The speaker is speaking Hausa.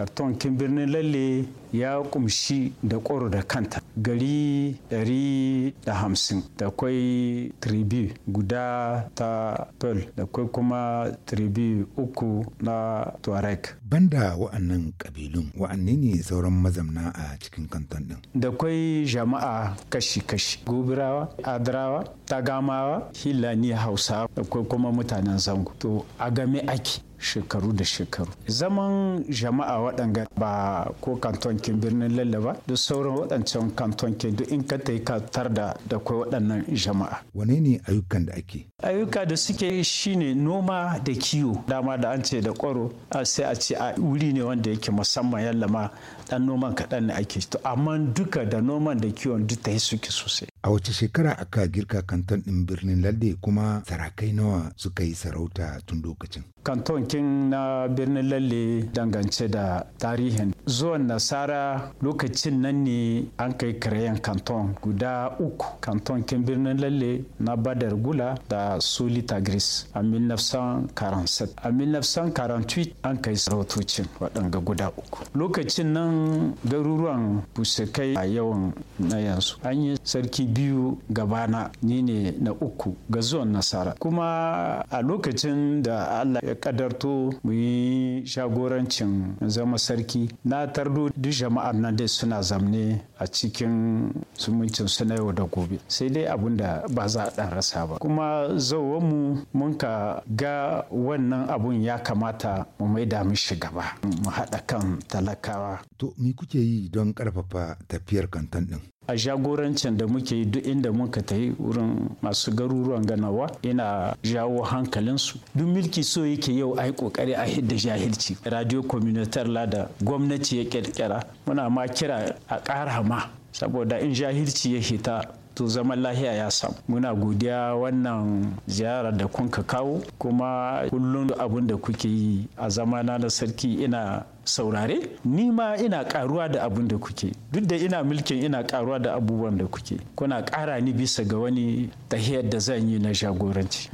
kartonkin birnin lalle ya kumshi da kwaro da kanta gari 150 da kwai tribu guda ta pearl da kwai kuma tribu uku na tuareg banda wa'annan kabilun wa'anne ne sauran mazamna a cikin kanton din da kwai jama'a kashi-kashi gobirawa adrawa tagamawa hilani hausa da kwai kuma mutanen zango to a game ake shekaru da shekaru zaman jama'a waɗanga ba ko kantonkin birnin lalle ba da sauran waɗancan kantonkin duk in ka ta yi katar da da kai waɗannan jama'a wane ne ayyukan da ake ayyuka da suke shine noma da kiwo dama da an ce da kwaro sai a ce a wuri ne wanda yake musamman yallama dan noman kaɗan ne ake to amma duka da noman da kiwon duk ta yi suke sosai A wace shekara aka girka kanton ɗin birnin lalle kuma sarakai nawa suka yi sarauta tun lokacin? Kanton kin na birnin Lalle dangance da tarihin. Zuwan nasara lokacin nan ne an kai karayen kanton guda uku. Kanton kin birnin Lalle na Badar Gula da Solita Gris a 1947. A 1948 an kai sarautocin waɗanga guda uku. Lokacin nan garuruwan busakai a yawan na yanzu. An yi sarki biyu gabana ni ne na uku ga zuwan nasara kuma a lokacin da allah ya kadarto mu yi shagorancin zama sarki na tardo duk jama'ar nan dai suna zamne a cikin zumuncin su na yau da gobe sai dai abun da ba za a dan rasa ba kuma mu mun ka ga wannan abun ya kamata mu maida mishi gaba mu haɗa kan talakawa to me kuke yi don ƙarfafa tafiyar kantan ɗin a jagorancin da muke yi duk inda muka ta wurin masu garuruwan ganawa ina jawo hankalinsu duk milki so yake yau a yi kokari a hidda jahilci radio communitar la da gwamnati ya kirkira muna ma kira a ƙara ma saboda in jahilci ya hita to zaman lahiya ya samu muna godiya wannan ziyarar da kun ka kawo kuma kullum abin da kuke yi a zamana na sarki ina saurare ni ma ina karuwa da abin da kuke duk da ina mulkin ina karuwa da abubuwan da kuke kuna kara ni bisa ga wani tahiyar da zan yi na jagoranci.